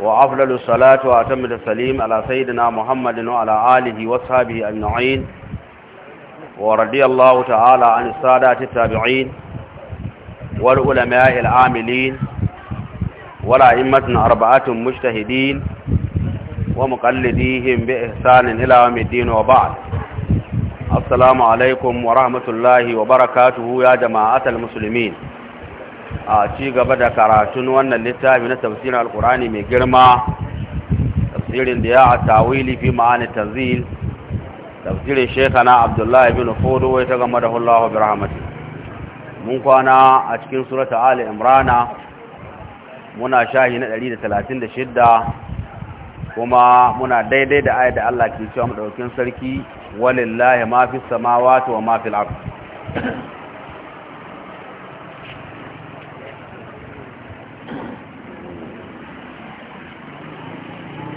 وأفضل الصلاة وأتم التسليم على سيدنا محمد وعلى آله وصحبه أجمعين ورضي الله تعالى عن السادة التابعين والعلماء العاملين والأئمة أربعة مجتهدين ومقلديهم بإحسان إلى يوم الدين وبعد السلام عليكم ورحمة الله وبركاته يا جماعة المسلمين a ci gaba da karatun wannan littafi na tafsirin alkurani mai girma tafsirin da ya a tawili fi ma'ani tanzil tafsirin shekana abdullahi bin fodo wai ta gama da hullahu bi rahmatu mun kwana a cikin surata ali imrana muna shahi na 136 kuma muna daidai da ayat da Allah ke cewa mu daukin sarki walillahi ma fi samawati wa ma fil ardh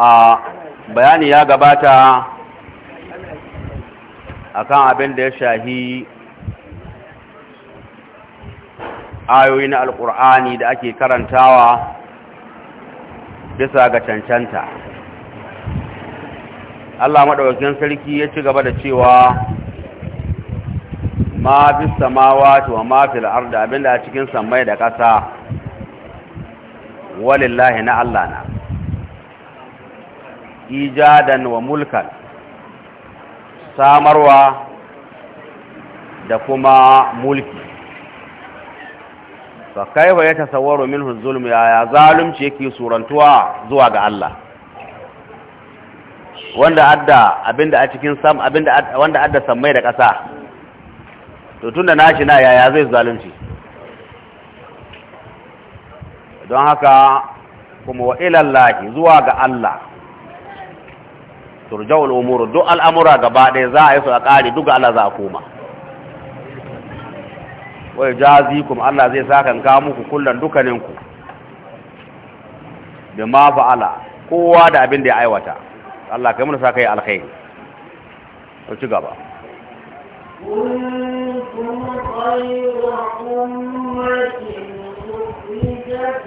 a bayani ya gabata akan abin da ya shahi ayoyi na alkur'ani da ake karantawa bisa ga cancanta Allah maɗaukin sarki ya ci gaba da cewa ma fi samawa wa ma fi abinda a cikin samai da ƙasa walillahi na Allah na ijadan wa mulkan samarwa da kuma mulki fa kaifa ya tasawwaru minhu zulm ya zalunci yake surantuwa zuwa ga Allah wanda adda abinda a cikin sam abinda wanda adda samai da ƙasa to tunda nashi na yaya zai zalunci don haka kuma wa ilallahi zuwa ga Allah turjawul umuru duk al'amura gaba ɗaya za a yi su a ƙari duk Allah za a koma wai jazikum Allah zai sakan ga muku kullum dukaninku da ma fa'ala kowa da abin da ya aiwata Allah kai mun sa kai alkhairi to ci gaba kuntum ummatin ukhrijat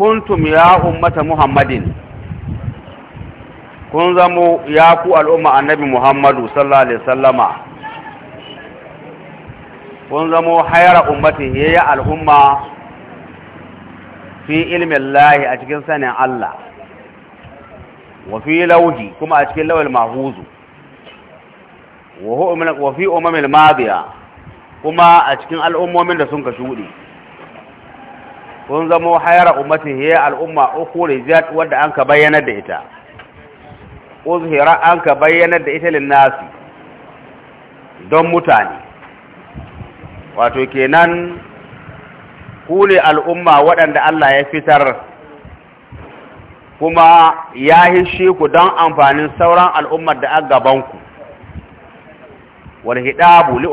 kuntum ya ummata muhammadin kun zamo ya ku al'umma annabi muhammadu sallallahu alaihi sallama kun zamo hayara ummatin ya yi al'umma fi ilmin lahi a cikin sanin Allah wa fi lauhi kuma a cikin lawal mahuzu wa fi umamin madiya kuma a cikin al'ummomin da sun ka shuɗe sun zamo hayara ummati ya al'umma ukhrijat wadda an ka bayyana da ita uzhira an ka bayyana da ita linnasi don mutane wato kenan ku ne al'umma waɗanda Allah ya fitar kuma ya hishe ku don amfanin sauran al'ummar da an gabanku wal hidabu li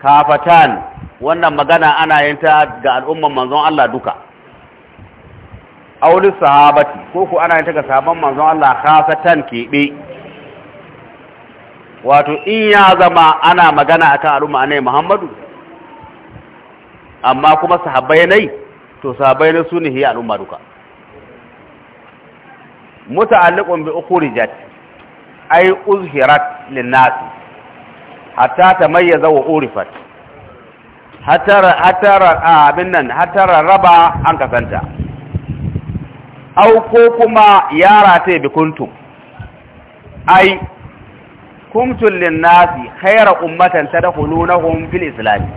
kafatan wannan magana ana yin ta ga al'umman manzon Allah duka aulis sahabati ko ku ana yin ta ga sahabban manzon Allah khasatan kebe wato in ya zama ana magana akan al'umma ne Muhammadu amma kuma sahabbai ne to sahabbai ne su ne hiya al'umma duka muta'alliqun bi ukhrijat ay uzhirat lin-nas hatta tamayyaza wa urifat hatara hatara abin nan hatara raba an kasanta au kuma yara ta bi kuntu ai kumtul nasi khaira ummatan tadkhulunahum fil islam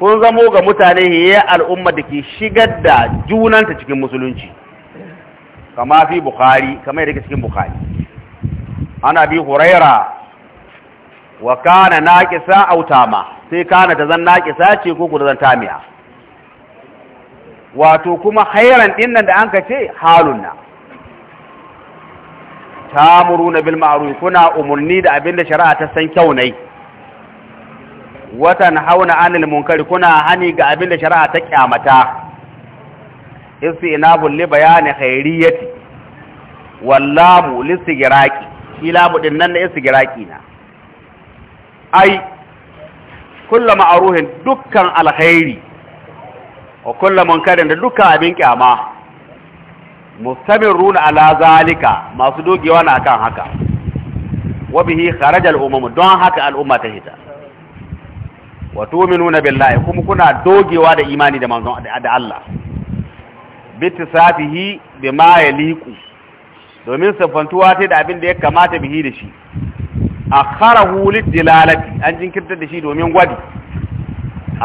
kun zamo ga mutane ya al'umma da ke shigar da junanta cikin musulunci kama fi bukhari kama yadda cikin bukhari ana bi huraira wa kana naqisa aw tama sai kana ta zan naqisa ce ko ku zan tamiya wato kuma khairan din nan da an ka ce halunna tamuruna bil ma'ruf kuna umurni da abinda shari'a ta san kyau ne watan hauna anil munkari kuna hani ga abinda shari'a ta kyamata istinabul li bayani khairiyati wallahu lisigiraki ila din nan na istigiraki na ai kulla ma'aruhin dukkan alkhairi wa kulla munkarin da dukkan abin kyama mustamiruna ala zalika masu dogewa na akan haka wa bihi kharajal umam don haka al'umma ta hita wa tu'minuna billahi kuma kuna dogewa da imani da manzon da Allah bitisafihi bima yaliku domin safantuwa ta da abin da ya kamata bihi da shi a akharahu dilalati an jinkirta da shi domin gwadi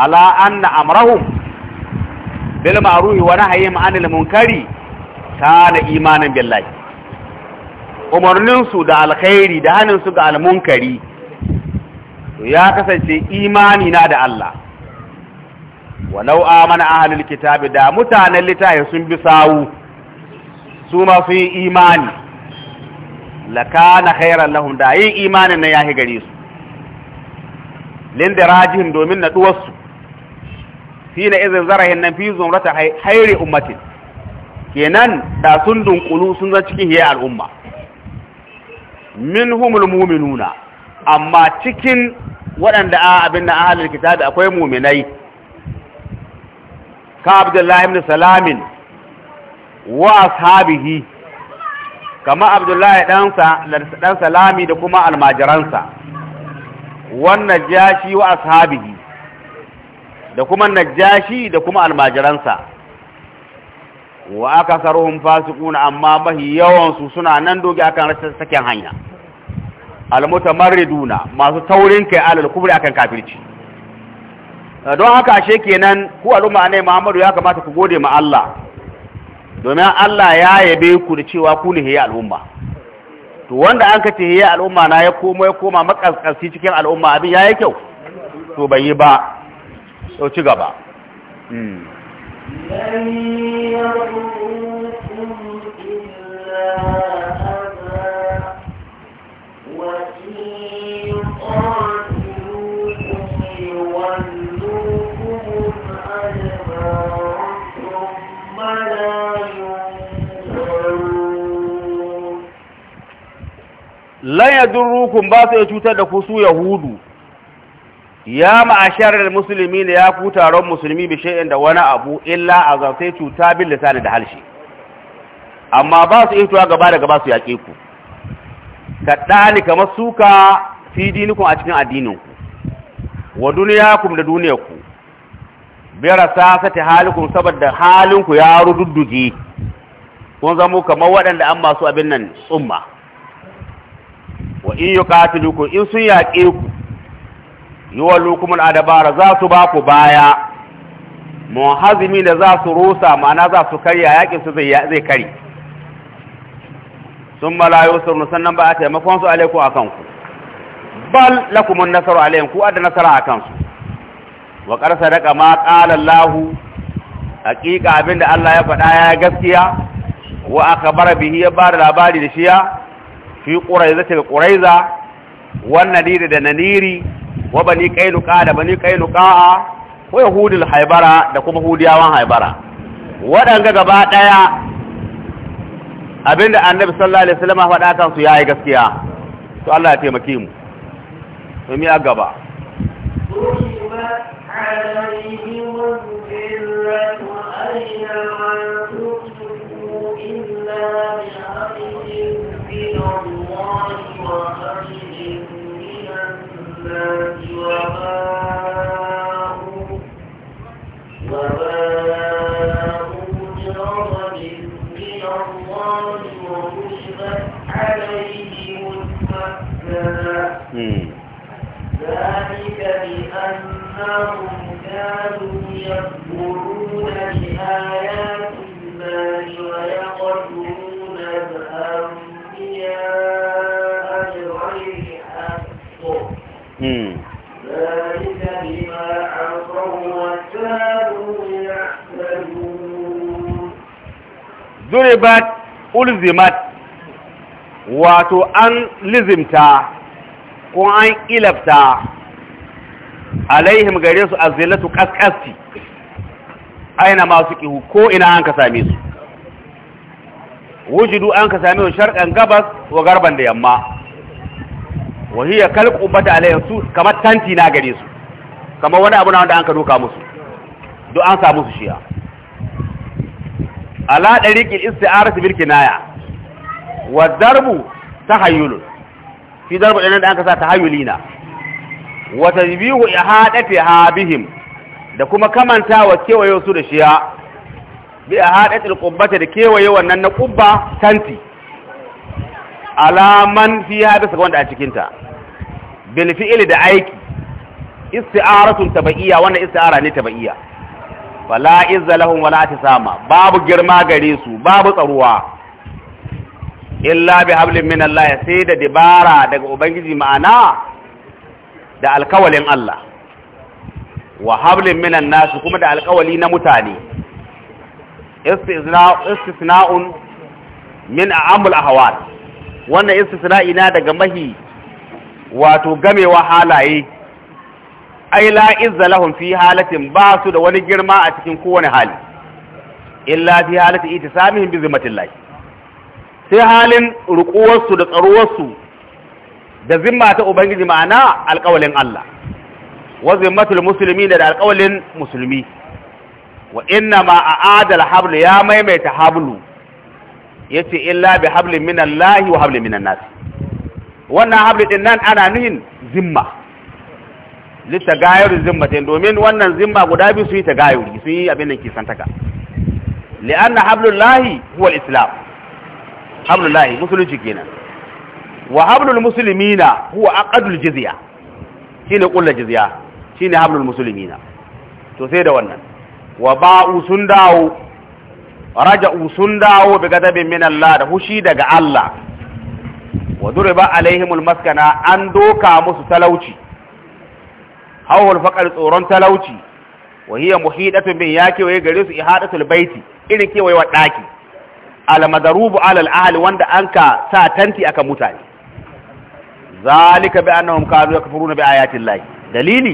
ala anna amrahum bil ma'ruhi wa nahyi anil munkari kana imanan billahi umarnin su da alkhairi da hanin su ga almunkari to ya kasance imani na da Allah walau amana ahlul kitabi da mutanen littafi sun bi sawu su ma su yi imani lakana khairan lahum da yin imanin na yahi gare su lindirajihim domin naduwar su fi na izin zarahin nan fi rata hairi ummatin kenan da sun dunkulu sun zan cikin hiyar al'umma minhumul mu'minuna amma cikin waɗanda a abin da ahlul da akwai mu'minai ka abdullahi ibn salamin wa ashabihi kama abdullahi ɗansa ɗan salami da kuma almajiransa wannan jashi wa ashabihi da kuma najashi da kuma almajiransa wa aka saruhun fasikuna amma mahi yawansu suna nan doge akan rashin saken hanya almutamarriduna masu taurin kai alal kubri akan kafirci don haka ashe kenan ku al'umma ne Muhammadu ya kamata ku gode ma Allah domin Allah ya yabe ku da cewa ku lihiya al'umma to wanda an kace hiya al'umma na ya koma ya koma makaskanci cikin al'umma abin ya yi kyau to bai yi ba to ci gaba hmm. lan yadurrukum ba su cutar da ku su yahudu ya da musulmi ne ya ku taron musulmi bi shay'in da wani abu illa a sai cuta bil lisan da halshi amma ba su tuwa gaba da gaba su yaƙe ku ka dani kamar suka fi dinikum a cikin addinin ku wa duniyakum da duniyar ku bi rasasati halikum saboda halin ku ya rududduge kun zamo kamar waɗanda an masu abin nan tsumma wa in yuqatilukum in sun yaƙe ku yuwallukum adabara za su ba ku baya muhazimi da za su rusa ma'ana za su karya yakin su zai kari sun malayo sun sannan ba a taimakon su alaiku a kanku bal lakumun nasaru alaihim ku adda nasara a kansu wa qad sadaqa ma qala abinda Allah ya faɗa ya gaskiya wa akhbara bihi ya bada labari da shiya fi ƙuraiza til ƙuraiza wannan niri da naniri wa bani kailuka da bani kailuka ko yahudul haibara da kuma hudiyawan haibara waɗanga gaba ɗaya abinda annabi sallallahu alaihi wasallam faɗa kan su yayi gaskiya to Allah ya taimake mu to mi a gaba uzibat ulzimat wato an lizimta ko an ilabta alaihim gare su azilatu kaskasti aina masu kihu ko ina an ka same su wujudu an ka same su sharqan gabas wa garban da yamma wa hiya kalqubata alaihim su kamar tanti na gare su kamar wani abu na wanda an ka doka musu duk an samu su shiya ala dariqil isti'arati bil kinaya wa darbu tahayyul fi darbu ɗin da aka sa tahayyulina ya haɗa ihadatiha habihim, da kuma kamanta wa kewaye su da shiya bi ihadatil qubbati da kewaye wannan na ƙubba? tanti alaman fiha bisa wanda a cikin ta fi'ili da aiki isti'aratun tabaiya wannan isti'ara ne tabaiya wala izza lahum wala tisama babu girma gare su babu tsaruwa illa bi hablin min Allah sai da dibara daga ubangiji ma'ana da alkawalin Allah wa hablin minan nasu kuma da alkawali na mutane istisna'un min a'amul ahwal wannan istisna'i na daga mahi wato gamewa halaye ai la izza lahum fi halatin ba su da wani girma a cikin kowane hali illa fi halati itisamihim bi zimmatillah sai halin ruquwarsu da tsaruwarsu da zimma ta ubangiji ma'ana alƙawalin Allah wa zimmatul muslimin da alƙawalin musulmi wa inna ma a'ada al-hablu ya maimaita hablu yace illa bi hablin minallahi wa hablin minan nas wannan hablu din nan ana nuhin zimma litta gayar zimmatin domin wannan zimma guda biyu su yi ta gayuri su yi abin da ke santaka li'anna hablullahi huwa al-islam hablullahi musulunci kenan wa hablul muslimina huwa aqdul jizya shine kullu jizya shine hablul muslimina to sai da wannan wa ba'u sun dawo raja'u sun dawo bi gadabin min Allah da hushi daga Allah wa duriba alaihimul maskana an doka musu talauci hawul faqar tsoron talauci wa hiya muhidatun bin yake waye gare su ihadatul baiti irin kewaye wa daki al madarubu ala al ahli wanda anka sa tanti aka mutane zalika bi annahum kanu yakfuruna bi ayati llahi dalili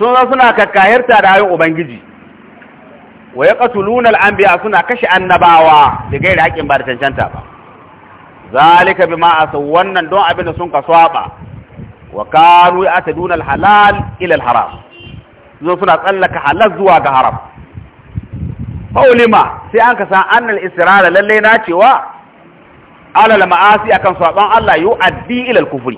sun zo suna kakkahirta da ayoyin ubangiji wa yaqtuluna al anbiya suna kashe annabawa da gaira hakin ba da cancanta ba zalika bima asaw wannan don abin da sun kaswaba wa kanu halal ilal haram zo suna tsallaka halal zuwa ga haram faulima sai an ka san annal israra lallai na cewa alal ma'asi akan saban Allah yu'addi ila ilal kufri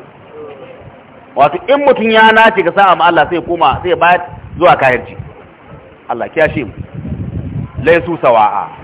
wato in mutun ya nace ga sa'a ma Allah sai kuma sai bayar zuwa kayarci Allah kiyashe mu laisu sawa'a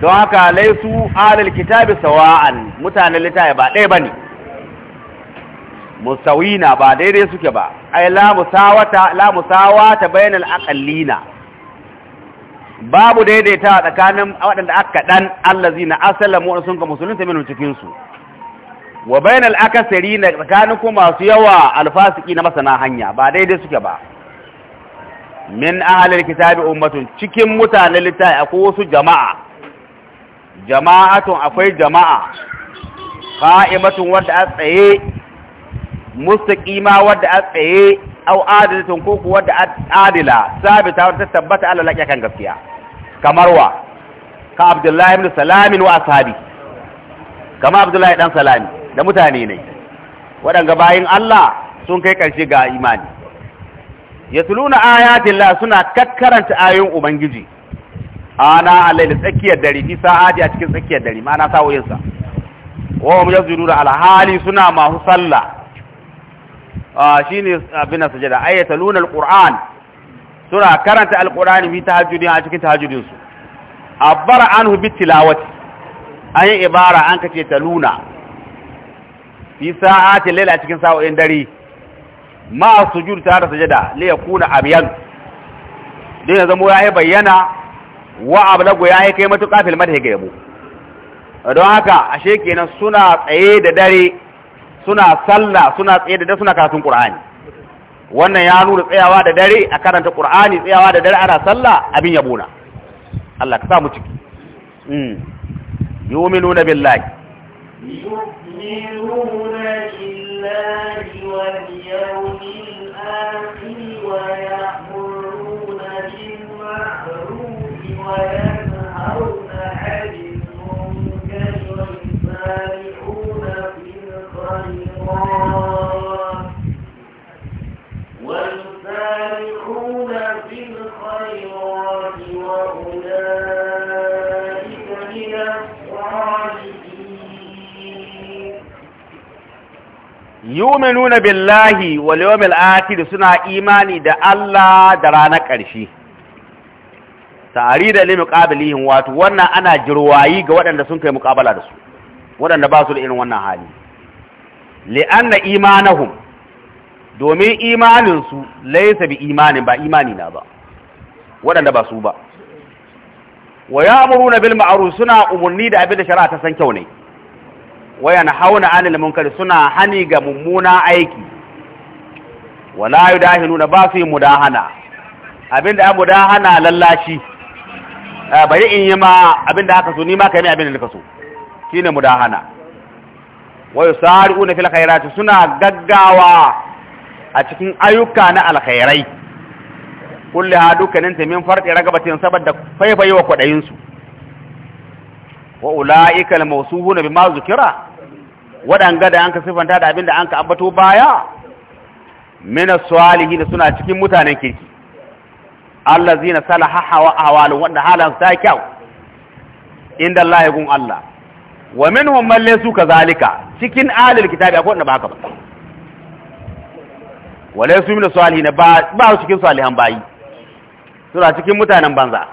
don haka laisu alal kitabi sawa'an mutanen littafi ba ɗaya bane musawina ba daidai suke ba ai la musawata la musawata bainal aqallina babu daidaita tsakanin waɗanda aka dan allazina aslamu wa sunka musulunta min cikin su wa bainal akasirina tsakanin kuma masu yawa alfasiki na masana hanya ba daidai suke ba min ahlil kitabi ummatun cikin mutanen littafi akwai wasu jama'a jama'atun akwai jama'a qa'imatun wadda a tsaye mustaqima wadda a tsaye au adilatun ko kuwa wadda adila sabita wadda tabbata Allah laƙiya kan gaskiya kamar wa ka Abdullahi ibn Salam wa ashabi kama Abdullahi dan Salam da mutane ne waɗanga bayin Allah sun kai ƙarshe ga imani yatluna ayatillah suna kakkaranta ayoyin ubangiji ana allai da tsakiyar dare fi sa'adi a cikin tsakiyar dare ma'ana sawoyinsa wa hum yazuruna ala hali suna masu sallah ah, shine abin da sajada ayataluna alquran suna karanta alqurani fi tahajjudin a cikin tahajjudin su an anhu bi tilawati yi ibara an kace taluna fi sa'ati layl a cikin sa'o'in dare ma sujud ta da sajada li yakuna abyan dan ya zama ya bayyana wa abu goya ya yi kai matuƙa fil madhi ga yabo don haka ashe kenan suna tsaye da dare suna sallah suna tsaye da dare suna karatun ƙur'ani wannan ya nuna tsayawa da dare a karanta ƙur'ani tsayawa da dare ana sallah abin yabo na Allah ka sa mu ciki hmm. yomi nuna billahi yu'minuna billahi wal yawmil akhir wa ya'muruna bil yu'minuna billahi wal yawmil akhir suna imani da Allah da ranar ƙarshe tarida li muqabilihim wato wannan ana jirwayi ga waɗanda sun kai muqabala da su waɗanda ba su da irin wannan hali li anna imanahum domin imanin su laysa bi imanin ba imani na ba waɗanda ba su ba wa ya'muruna bil ma'ruf suna umurni da abin da shari'a ta san kyau ne wa yanhauna 'anil munkari suna hani ga mummuna aiki wala yudahiluna ba su yi mudahana abinda ya mudahana lallashi Eh, bari in yi ma abinda aka so ni ma ka yi abin da nika so shi ne mudahana wai sari'u una fil khairati suna gaggawa a cikin ayyuka na alkhairai kulli ha dukkanin ta min farqi ragabatin saboda faifai wa kudayin su wa ulaika mawsuuna mawsuhuna bima zukira gada an ka sifanta da abin da ka ambato baya min as-salihin suna cikin mutanen kirki allazina salaha hawa ahwalu wanda halan sa kyau inda Allah ya gun Allah wa minhum man laysu kadhalika cikin alil kitabi akwai wanda ba haka ba wa laysu min salihin ba ba cikin salihan bayi suna cikin mutanen banza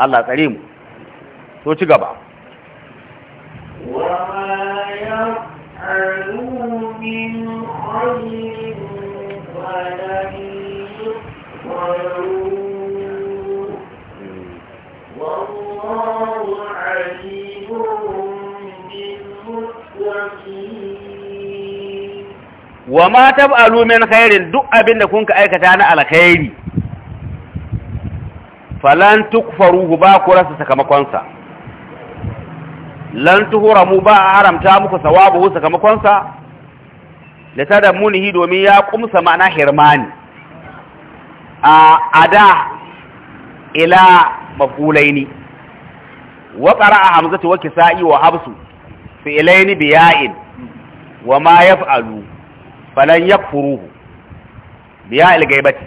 Allah tsare mu to ci gaba wa ma tab'alu min khairin duk abinda kun aikata na alkhairi falan tukfaruhu ba ku rasa sakamakon sa lan tuhramu ba haramta muku sawabuhu sakamakon sa litada munihi domin ya kumsa ma'ana hirmani a ada ila mafulaini wa qara'a hamzatu wa kisa'i wa habsu fi'laini biya'in wa ma yaf'alu falan yakfuruhu biya al-ghaibati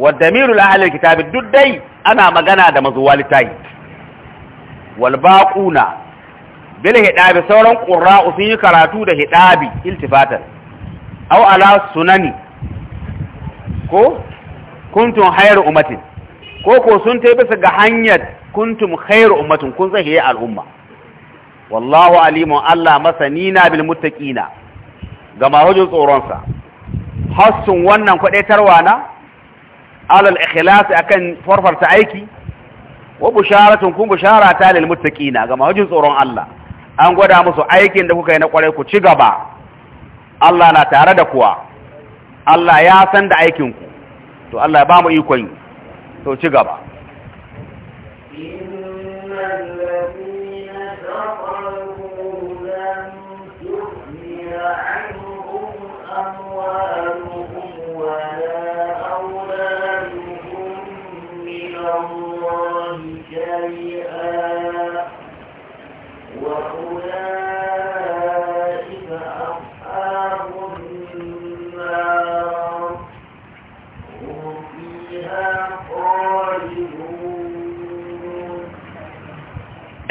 wa damiru ahli al-kitab duk dai ana magana da mazuwa litai wal baquna bil hidabi sauran qurra'u sun yi karatu da hidabi iltifatan aw ala sunani ko kuntum khairu ummatin ko ko sun tai bisa ga hanyar kuntum khairu ummatin kun tsahiye al'umma wallahu alimun Allah masanina bil muttaqina ga mahujin tsoronsa hassun wannan tarwa na alal ikhlas akan farfarta aiki wa busharatun kun bushara ta lil muttaqina ga mahujin tsoron Allah an gwada musu aikin da kuka yi na kwarai ku ci gaba Allah na tare da kuwa Allah ya san da aikinku, ku to Allah ya ba mu ikon to ci gaba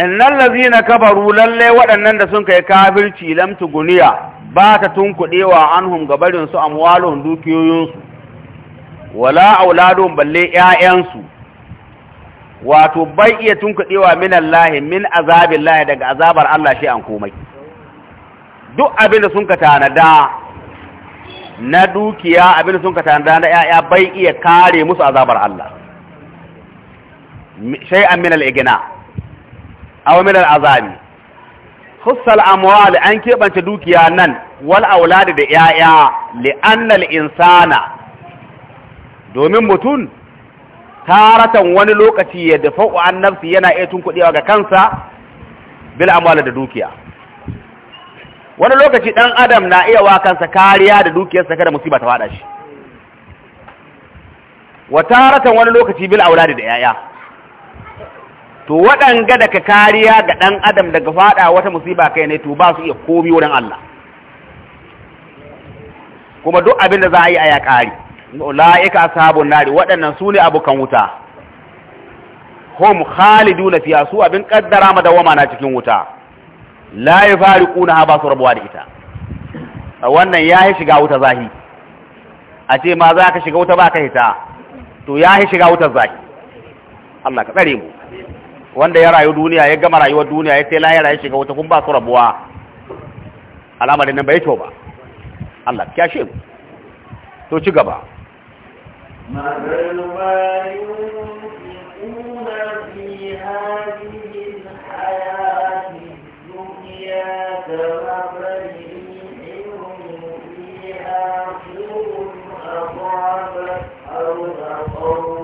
innal na kabaru lalle waɗannan da sun kai kafirci lamtu guniya, ba ta an anhum gabarinsu a muwalon dukiyoyinsu wala auladun balle 'ya'yansu, wato bai iya tunkuɗewa min Allah min azabin lahi daga azabar Allah shi an komai duk abin da sun ka tanada na dukiya abin da sun ka tanada na 'ya'ya bai iya kare musu azabar Allah shay'an min al aw min husal khussal amwal an keɓance dukiya nan wal auladi da yaya li al insana domin mutum taratan wani lokaci ya dafa an nafsi yana iya kudi ga kansa bil amwal da dukiya wani lokaci ɗan adam na iya wa kansa kariya da dukiyarsa kada musiba ta fada shi wa taratan wani lokaci bil auladi da yaya to waɗanga daga kariya ga ɗan adam daga faɗa wata musiba kai ne to ba su iya komi wurin Allah kuma duk abin da za a yi a ya ƙari la'ika sabon nari waɗannan su ne abokan wuta Khalidu na fiya su abin kaddara madawama na cikin wuta ƙuna ha ba su rabuwa da ita wannan ya yi shiga wuta zahi a ce ma za ka shiga wuta ba ka hita to ya yi shiga wuta zahi Allah ka tsare mu wanda ya rayu duniya ya gama rayuwar duniya ya sai lahira ya shiga wata kun ba su rabuwa al'amarin nan bai kyau ba Allah ya shi mu to ci gaba Oh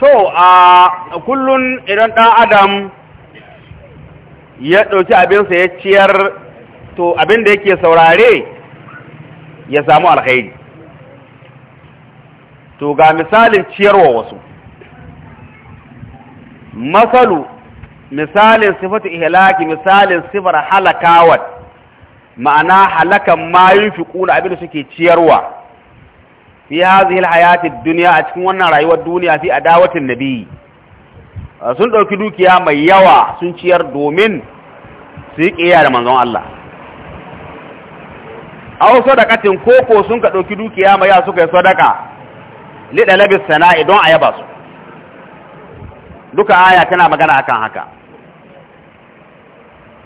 So, uh, kullun idan ɗan Adam ya ɗauki abinsa ya ciyar to abin da yake saurare ya samu alkhairi to ga misalin ciyarwa wasu masalu misalin sifatu ihlaki misalin sifar halakawat ma'ana halakan mayun yunfiquna abin da suke ciyarwa fi hazihi alhayati ad-dunya a cikin wannan rayuwar duniya fi adawatin nabi sun dauki dukiya mai yawa sun ciyar domin su yi ƙiya da manzon Allah a wasu sadakacin koko sun ka ɗauki dukiya mai ya suka yi sadaka liɗa labis sana'i don a yaba su duka aya tana magana akan haka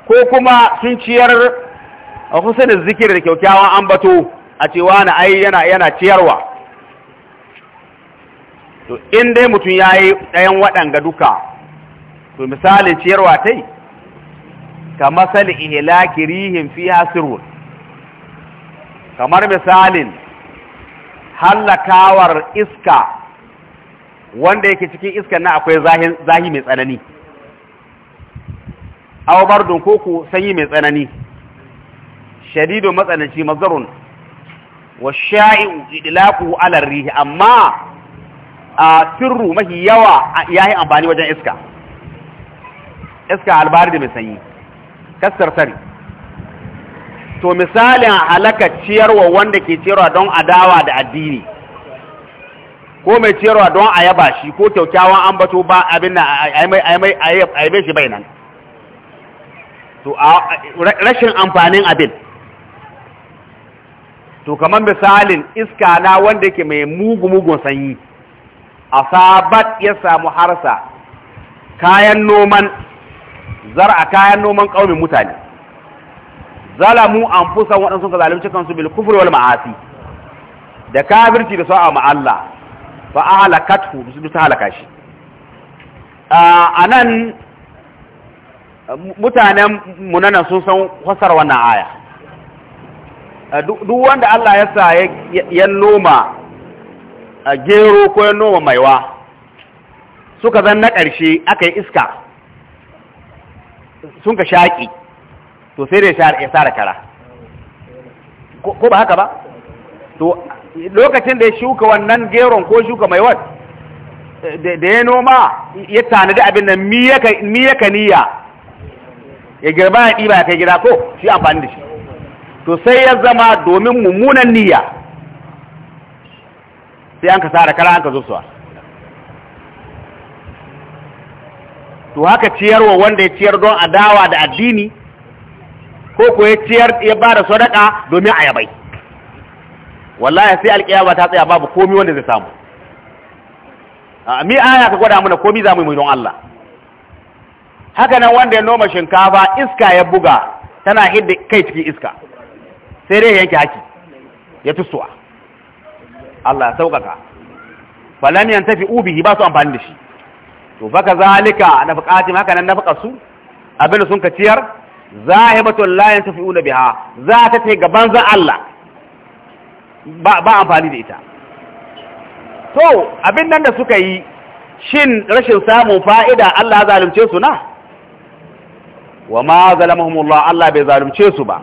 ko kuma sun ciyar a kusan zikir da kyaukyawan ambato a cewa na ai yana ciyarwa to in dai mutum yi ɗayan waɗanga duka to misalin ciyarwa ta yi. kama sali ihlaki rihin fiha sirrun kamar misalin hallakawar iska wanda yake cikin iska na akwai zahi mai tsanani awa bardun koko sanyi mai tsanani shadidu matsananci mazarun wa sha'i'u idlaku ala rihi amma a sirru mahi yawa yayi amfani wajen iska iska albari mai sanyi kassar sari to misalin halaka ciyarwa wanda ke ciyarwa don adawa da addini ko mai ciyarwa don a yaba shi ko kyaukyawan ambato ba abin na aibe shi bainan to rashin amfanin abin to kamar misalin iska na wanda ke mai mugu-mugun sanyi a sabat ya samu harsa kayan noman zar'a kayan noman ƙaunin mutane zalamu anfusan waɗansu ka zalimci kansu bil kufr wal ma'asi da kafirci da sa'a ma Allah fa ahlakathu su ta halaka shi anan mutanen munana sun san fasar wannan aya duk wanda Allah ya sa ya noma gero ko ya noma maiwa suka zan na ƙarshe aka yi iska sun ka shaƙi to sai da ya sara kara ko ba haka ba to lokacin da ya shuka wannan geron ko shuka mai wat da ya noma ya tanadi abin nan mi ya niya ya girba ya ɗiba ya kai gida ko shi amfani da shi to sai ya zama domin mummunan niya. sai an ka sara kara an ka zo suwa to haka ciyarwa wanda ya ciyar don adawa da addini ko ko ya ciyar ya ba da sadaka domin ayabai wallahi sai alƙiyama ta tsaya babu komai wanda zai samu a mi aya ka gwada mana komai za mu yi don Allah haka nan wanda ya noma shinkafa iska ya buga tana hidda kai cikin iska sai dai yanke haki ya tusuwa Allah ya sauƙaƙa falam yantafi ubihi ba su amfani da shi to faka zalika na buƙatin haka nan nafaka su abinda sun ka ciyar Za a yi zahibatun layin tafi'una biha za ta ce gaban za Allah ba amfani da ita to abin nan da suka yi shin rashin samun fa'ida Allah zalunce su na wa ma zalamahumullah Allah bai zalunce su ba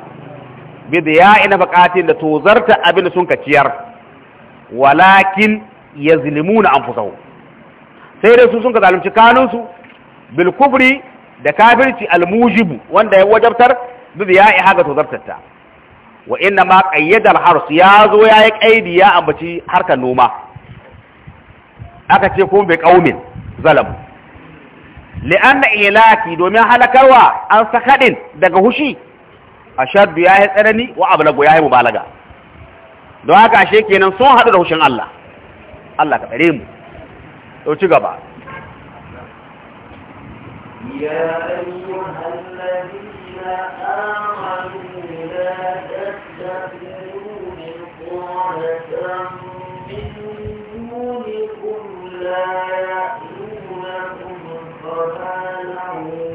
bidiyai na buƙatin da tozarta abin da sun ka ciyar walakin yazlimuna anfusahum sai dai su sun ka zalunci kanunsu bil kufri da kafirci al mujibu wanda ya wajabtar bi ya iha ga tozartarta wa inna ma qayyada al harsu ya zo ya yi qaidi ya ambaci harkar noma aka ce kuma bi qaumin zalam anna ilaki domin halakarwa an sakadin daga hushi ashaddu ya yi tsanani wa ablagu ya yi mubalaga don haka ashe kenan sun hadu da hushin Allah Allah ka tsare mu to قبع يا أيها الذين آمنوا لا تتخذوا بطانة من دونكم لا يأتونكم خبالا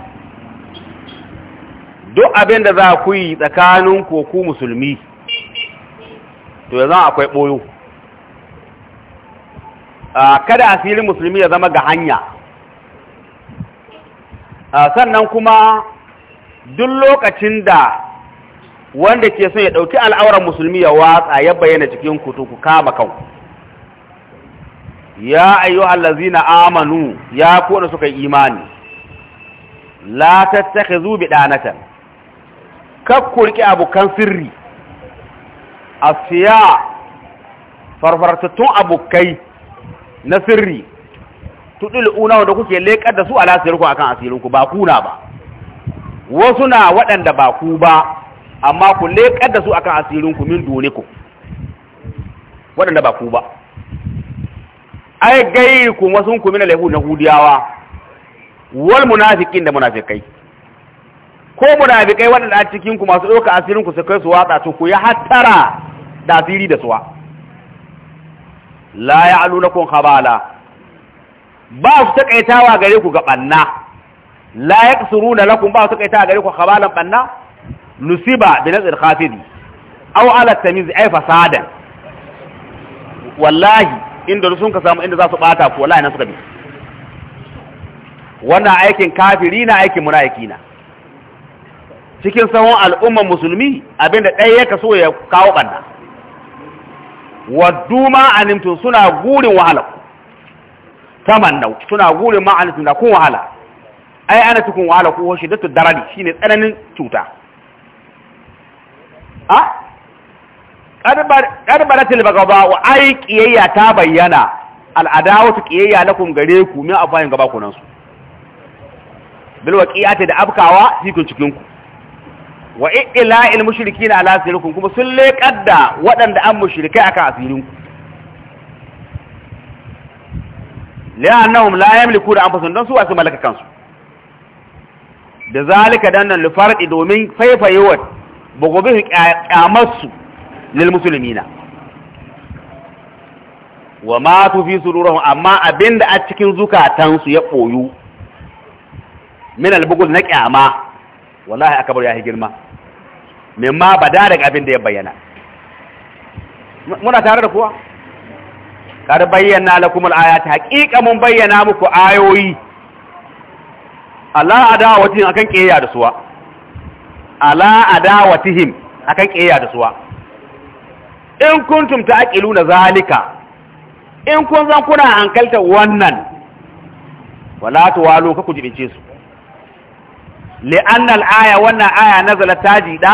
duk abin da za ku yi tsakanin koku musulmi to ya zama akwai ɓoyo kada asirin musulmi ya zama ga hanya sannan kuma duk lokacin da wanda ke son ya ɗauki al'auran musulmi ya watsa ya bayyana cikin kutu ku kama kan ya ayyu na amanu ya kone suka imani la zubi ɗanatan kakku abokan sirri a siya farfartattun abokai na sirri tudul una wanda kuke leƙar da su a lasirin ku akan asirinku ba kuna ba wasu na waɗanda ba ku ba amma ku leƙar da su akan asirinku min duniku waɗanda ba ku ba ai gai ku wasu ku na lahu na hudiyawa wal munafiqin da munafikai ko munafikai waɗanda a cikin ku masu ɗauka asirin ku su kai su watsa to ku ya hattara da asiri da suwa la ya'lunakum khabala ba su takaitawa gare ku ga banna la yaksuruna lakum ba su takaitawa gare ku khabalan banna nusiba bi nazil khafidi aw ala tamiz ay fasadan wallahi inda sun ka samu inda za su bata ku wallahi nan suka bi wannan aikin kafiri na aikin munafiki na cikin sahun al'umman musulmi abinda ɗaya ya kaso ya kawo ɓanna waddu ma'anintun suna gurin wahala Ta nau suna gurin ma'anintun da kun wahala ai ana cikin wahala ko shi da darari shine tsananin cuta a ƙarbaratil baga ba wa ai ƙiyayya ta bayyana al'ada wasu ƙiyayya kun gare ku min afayin gaba kunansu bilwa ƙiyata da afkawa cikin cikinku wa ila'il mushrikina ala asirikum kuma sun leƙar da waɗanda an mushrikai aka asirin ku la yamliku da anfusun don su wasu malaka kansu da zalika dan nan lifarqi domin faifayewar bugobi kyamarsu lil muslimina wa ma tufi sururahum amma abinda a cikin zukatansu ya koyu min al na kyama wallahi bar ya yi girma mimma ba da daga abin da ya bayyana muna tare da kuwa kar bayyana lakum al-ayati haqiqa mun bayyana muku ayoyi ala adawatihim akan kiyaya da suwa ala adawatihim akan kiyaya da suwa in kuntum ta'qiluna zalika in kun zan kuna hankalta wannan wala tuwalu ka ku jibince su li'annal aya wannan aya nazala tajida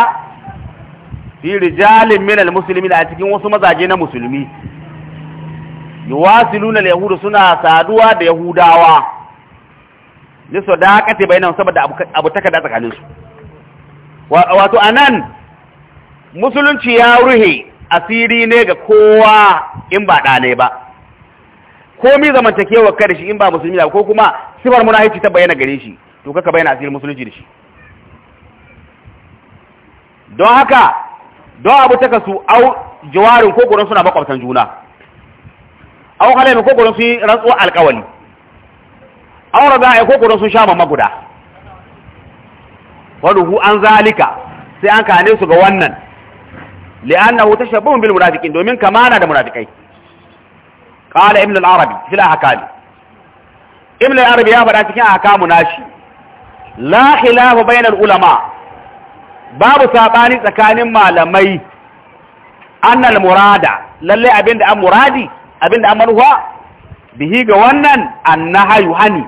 fi rijalin min almuslimin a cikin wasu mazaje na musulmi yuwasiluna alyahudu suna saduwa da yahudawa ni sadaqati bainahum saboda abu takada tsakanin su wato anan musulunci ya ruhe asiri ne ga kowa in ba da ne ba komi zamantakewa kare shi in ba musulmi ba ko kuma sifar munafici ta bayyana gare shi to kaka bayyana asirin musulunci da shi don haka don abu ta kasu au jawarin ko gurin suna makwabtan juna au kalamin ko gurin su yi rantsuwa alkawali au raga ko gurin sun sha mamma guda waduhu an zalika sai an kane su ga wannan li'annahu tashabbahun bil munafiqin domin kamana da munafikai qala ibn al-arabi fil ahkam ibn al-arabi ya faɗa cikin ahkamu nashi la khilafu bainal ulama babu sabani tsakanin malamai annal murada lalle abinda an muradi abinda an manuha bihi ga wannan annahayu hani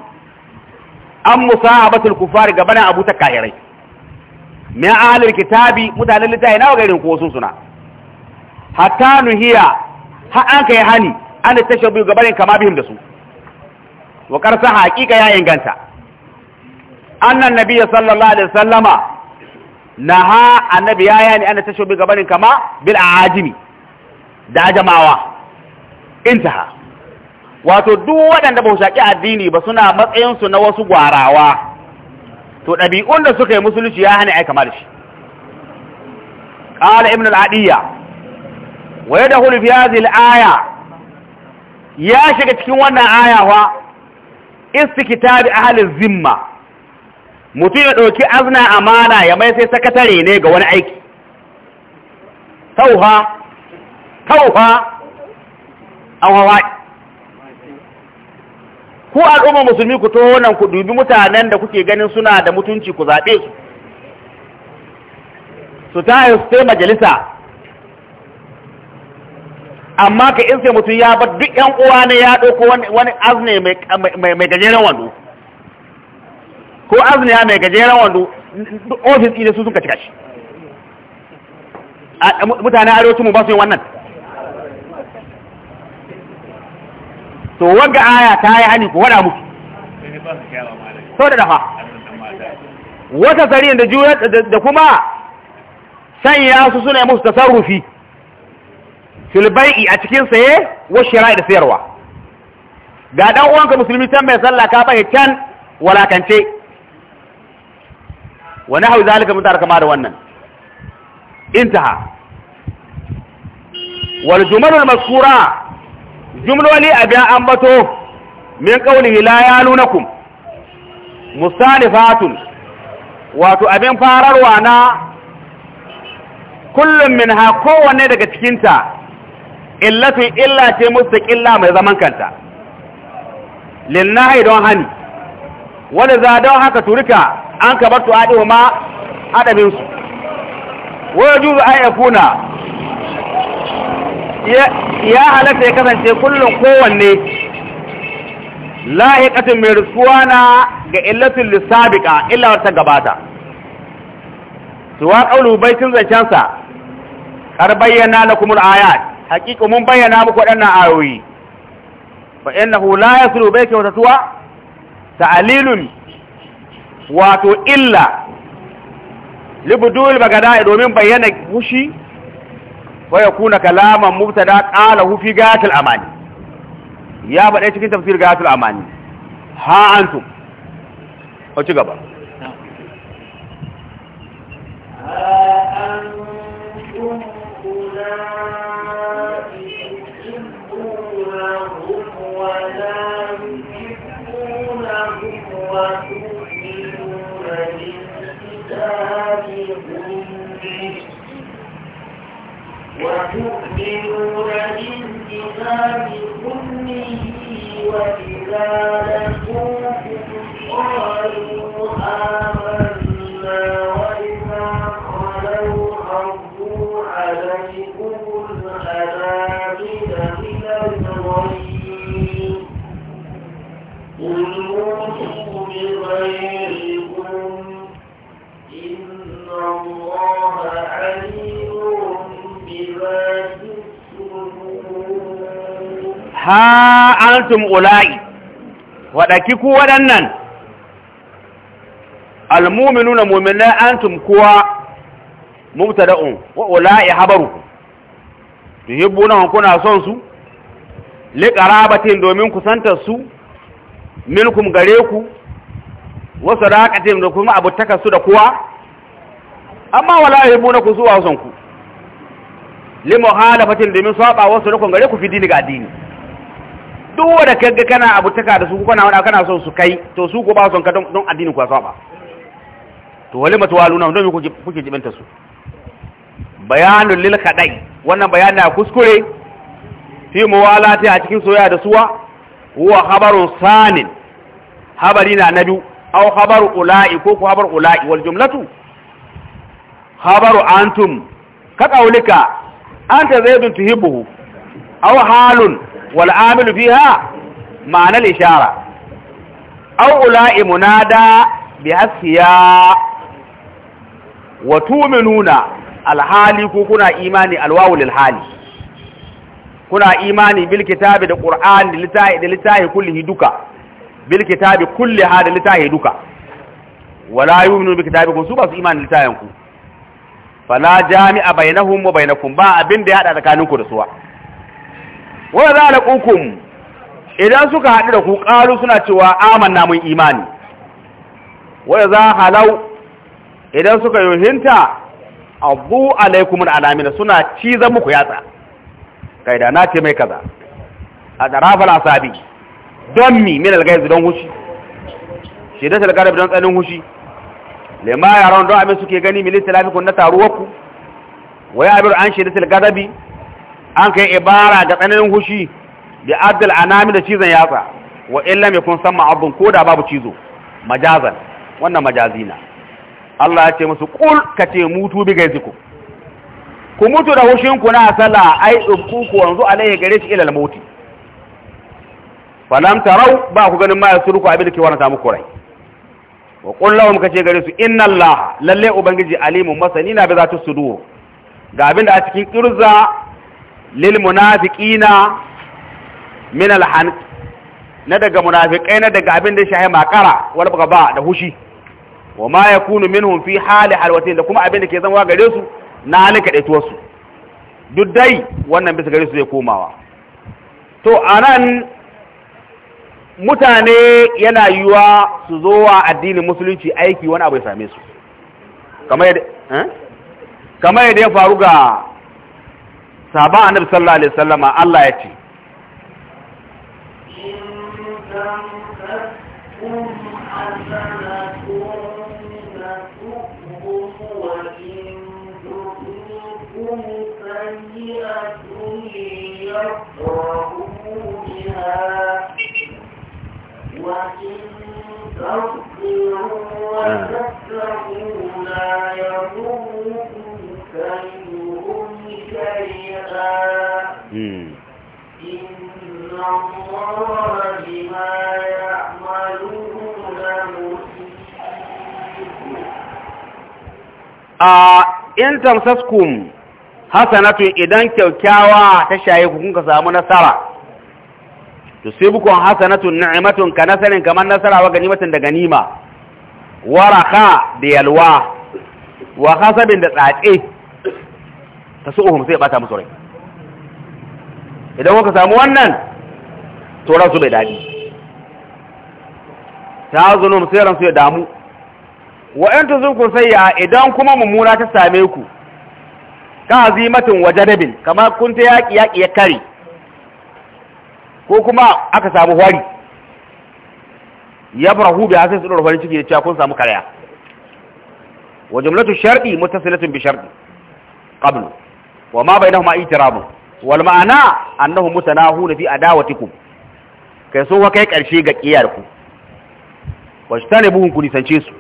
an musahabatul kufari gaban bana abu ta kahirai min ahlul kitabi mutanen littafi nawa garin ko sun suna hatta nuhiya ha an kai hani an tashabu ga barin kama bihim da su wa karsa haqiqa ya inganta annan nabiyya sallallahu alaihi wasallama naha annabi ya yani ana tasho bi gabanin kama bil ajimi da ajamawa intaha wato duk waɗanda ba shaƙi addini ba suna matsayin su na wasu gwarawa to ɗabi'un da suka yi musulunci ya hana ai kamar shi qala ibn al-adiyya wa yadkhulu fi hadhihi aya ya shiga cikin wannan aya wa istikitabi ahalin zimma mutum ya ɗauki azna amana ya mai sai sakatare ne ga wani aiki tauha tauha an hawa ku al'umma musulmi ku to wannan ku dubi mutanen da kuke ganin suna da mutunci ku zaɓe su su ta yi su majalisa amma ka in sai mutum ya bar duk yan uwa ne ya ɗauko wani azne mai gajeren wando ko ya mai gajeren wando ofis ɗi da su suka cika shi mutanen arewacin mu ba su yi wannan to wanga aya ta yi hani ko wada muku sau da dafa wata tsari da juya da kuma sanya su suna musu tasarrufi filibai a cikin saye wa shira'i da sayarwa ga dan uwanka musulmi can mai sallah ka bai can walakance wani hau zalika mun kama da wannan intaha wal jumalul maskura jumloli abin ambato min qawlihi la yalunakum musanifatun wato abin fararwa na kullum min ha kowanne daga cikinta illatun illa ce mustaƙilla mai zaman kanta linnahi don hani wani za don haka turika an ka bar tuwaɗi ma adabinsu wajen zuwa ya kuna ya halatta ya kasance kullum kowanne la'iƙatin mai rusuwa na ga illatin lissabiƙa illa ta gabata tuwa ƙaunar baitin zancensa ƙar bayyana na kumul ayat mun bayyana muku waɗannan ayoyi fa innahu la yasru kyautatuwa wa tuwa ta'lilun wato illa libudul bagada'i domin bayyana hushi wa yakuna kalaman mubtada qala hu fi gatil amani ya bada cikin tafsir gatil amani ha antum ko ci gaba وتؤمنون بالكتاب كله وإذا لقوكم قالوا آمنا وإذا خلوا خرجوا عليكم الأنامل من الغيب قل موتوا بغيركم إن الله عليم ha antum ula'i wadaki ku waɗannan almuminuna mu'minai antum kuwa mubtada'un wa ula'i habarukum tuhibbuna kuna son su liqarabatin domin kusantar su minkum gare ku wa sadaqatin da kuma abutaka su da kuwa amma wala yuhibbuna ku su son ku limuhalafatin domin saba wasu rukun gare ku fi dini ga addini duk wanda kaga kana abu taka da su kana wani kana son su kai to su ko ba son ka don addini ku saba to wali matwaluna don ku kuke jibanta su bayanul lil kadai wannan bayani a kuskure fi muwalati a cikin soyayya da suwa huwa khabarun sanin habari na nabi aw khabaru ulai ko ku khabar ulai wal jumlatu khabaru antum ka kaulika anta zaidun tuhibbuhu aw halun wal amilu fiha ma'ana al-ishara aw ula'i munada bi hasiya wa tu'minuna al-hali ko kuna imani al-wawu lil hali kuna imani bil kitabi da qur'an da litahi da litahi kullihi duka bil kitabi kulli hada litahi duka wala yu'minu bi kitabikum su ba su imani ku. fala jami'a bainahum wa bainakum ba abin da ya hada ku da suwa wa zalaqukum idan suka hadu da ku qalu suna cewa amanna mun imani wa za halau idan suka yohinta abu alaikum alamin suna ciza muku yatsa kai da na ce mai kaza a darafal asabi don mi min alghayz don hushi shi da talgarabi don tsanin hushi lema yaron don abin suke gani min istilafi kun na taruwarku wa ya abir an shiritil gadabi an kai ibara ga tsananin hushi da adal anami da cizon yatsa wa illa mai kun san ma'abun ko da babu cizo majazan wannan majazina Allah ya ce musu kul ka ce mutu bi gaiziku ku mutu da hushin ku na sala ai tsubku ku wanzu alaihi gare shi ilal mauti falam tarau ba ku ganin ma surku abin da ke wannan samu kurai. wa kullahum kace gare su inna allaha lalle ubangiji alimun masani na bi za ta sudur ga abin da a cikin kirza lil munafiqina min al na daga munafiqai na daga abin da shahi makara wal gaba da hushi wa ma yakunu minhum fi hali halwatin da kuma abin da ke zanwa gare su na halin kadaituwar su duk dai wannan bisa gare su zai komawa to anan mutane yana yiwa su zo wa addinin musulunci aiki wani abu ya same su kamar yadda eh? ya faru ga sabon annabi sallallahu alaihi wasallama Allah ya ce a in tamsaskum hasanatun idan kyaukyawa ta shaye ku kun ka samu nasara to sai bukon hasanatun ni'matun ka nasarin kamar nasara wa ganimatin da ganima waraka da yalwa wa hasabin da tsatse ta su'uhum sai bata musu rai idan kuka samu wannan to su bai dadi ta zunum sai ran su ya damu wa in tuzunku sayya idan kuma mummuna ta same ku ka azimatin wajadabin kamar kun ta yaki yaki ya kare ko kuma aka samu hwari ya farahu bi hasin sudur farin ciki ya kun samu karya wa jumlatu shar'i muttasilatun bi shar'i Qablu, wa ma bainahuma itirabun wal ma'ana annahum mutanahuna fi adawatikum kai so kai karshe ga kiyar ku bugun ku nisance su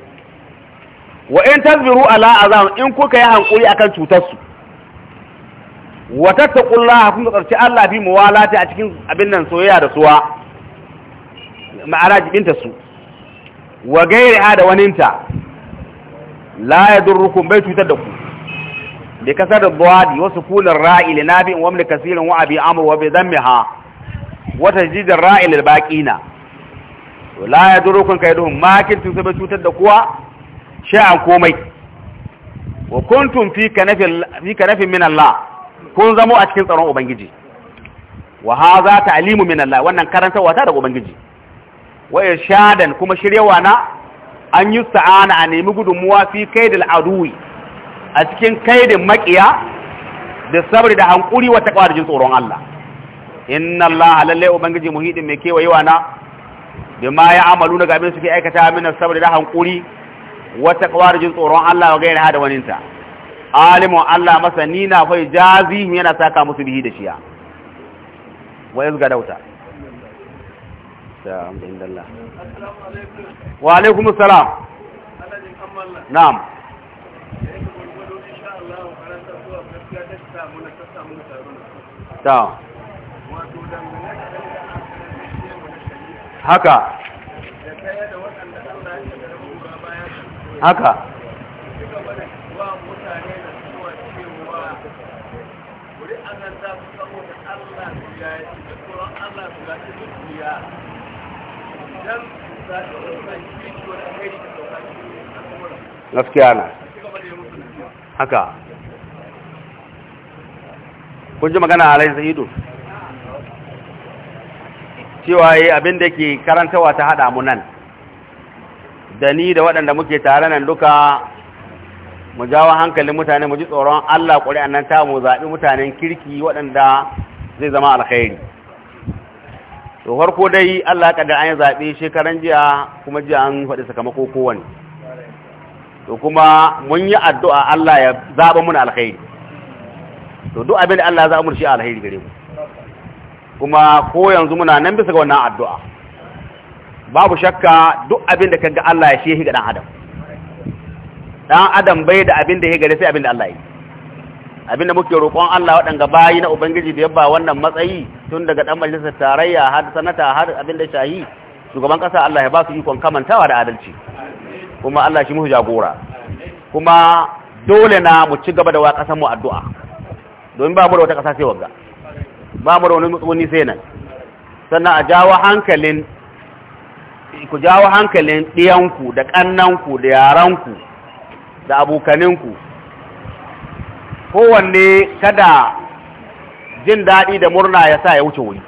wa in tasbiru ala azam in kuka yi hankuri akan cutar su wa tattaqullah kun tsarci Allah bi muwalati a cikin abin nan soyayya da suwa ma'ana jibinta su wa gairiha da waninta la yadurrukum bai cutar da ku bi kasar da duwadi wasu kunin ra'i nabi wa min kasirin wa abi amru wa bi dhammiha wata jidar ra'il albaqina la yadurukum kaiduhum ma kuntum sabai cutar da kuwa sha'an komai wa kuntum fi kanafin fi kanafin min Allah kun zamo a cikin tsaron ubangiji wa hadha ta'limu min Allah wannan karantawa ta daga ubangiji wa irshadan kuma shiryawa na an yi sa'ana a nemi gudunmuwa fi kaidil aduwi a cikin kaidin makiya da sabri da hankuri wa taqwa jin tsoron Allah inna Allah lalle ubangiji muhidin mai kewayewa na bima ya amalu daga abin suke aikata min saboda da hankuri wata kawarjin tsoron Allah wa yana da waninta alimu Allah masani na fa jazi yana saka musu bihi da shiya wa ga dauta wa alaikum salam na'am ta haka haka gaskiya na haka kun ji magana a alayin sa'idu cewa yi abin da ke karantawa ta haɗa mu nan da ni da waɗanda muke tare nan duka mu jawo hankalin mutane mu ji tsoron Allah ƙuri nan ta mu zaɓi mutanen kirki waɗanda zai zama alkhairi to farko dai Allah kadar an yi zaɓe shekaran jiya kuma jiya an faɗi sakamako kowane to kuma mun yi addu'a Allah ya zaɓa mun alkhairi to duk abin da Allah ya zaɓa mun shi alkhairi gare mu kuma ko yanzu muna nan bisa ga wannan addu'a babu shakka duk abin da kaga Allah ya shehi ga dan adam dan adam bai da abin da ya gare sai abin da Allah ya yi abin da muke roƙon Allah waɗanda bayi na ubangiji da yabba wannan matsayi tun daga dan majalisar tarayya har sanata har abin da shahi shugaban kasa Allah ya ba su ikon kamantawa da adalci kuma Allah shi mu jagora kuma dole na mu ci gaba da wa kasan mu addu'a domin ba mu da wata kasa sai wagga ba mu da wani sai nan sannan a jawo hankalin ku jawo hankalin ɗiyanku da ƙannanku da yaranku da abokaninku kowanne kada jin daɗi da murna ya sa ya wuce wuri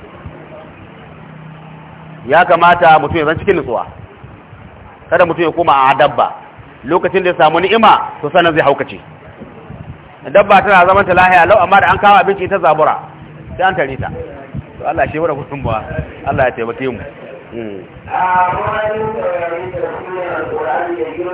ya kamata mutum ya zan cikin nutsuwa kada mutum ya koma a dabba lokacin da ya samu ni'ima to sanar zai haukace dabba tana zamanta ta lahiya lau amma da an kawo abinci ta zabura sai an tare ta to Allah shi wara gudun ba Allah ya taimake mu a wani tsarin da kuma Qur'ani da girma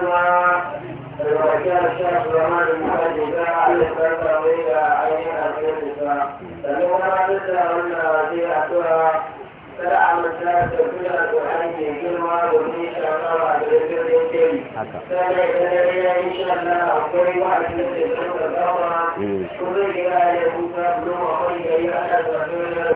da wajen shafi zama da mutane da Allah ta tsawaye da ayyukan da ta sannan wani da wannan zai a sana'a mata da kula da hanyar girma da wani shakawa da rikirin kiri sannan idan ya yi shalla akwai wa'azin da suka kama kuma ya yi kuka zuwa wani gari a kan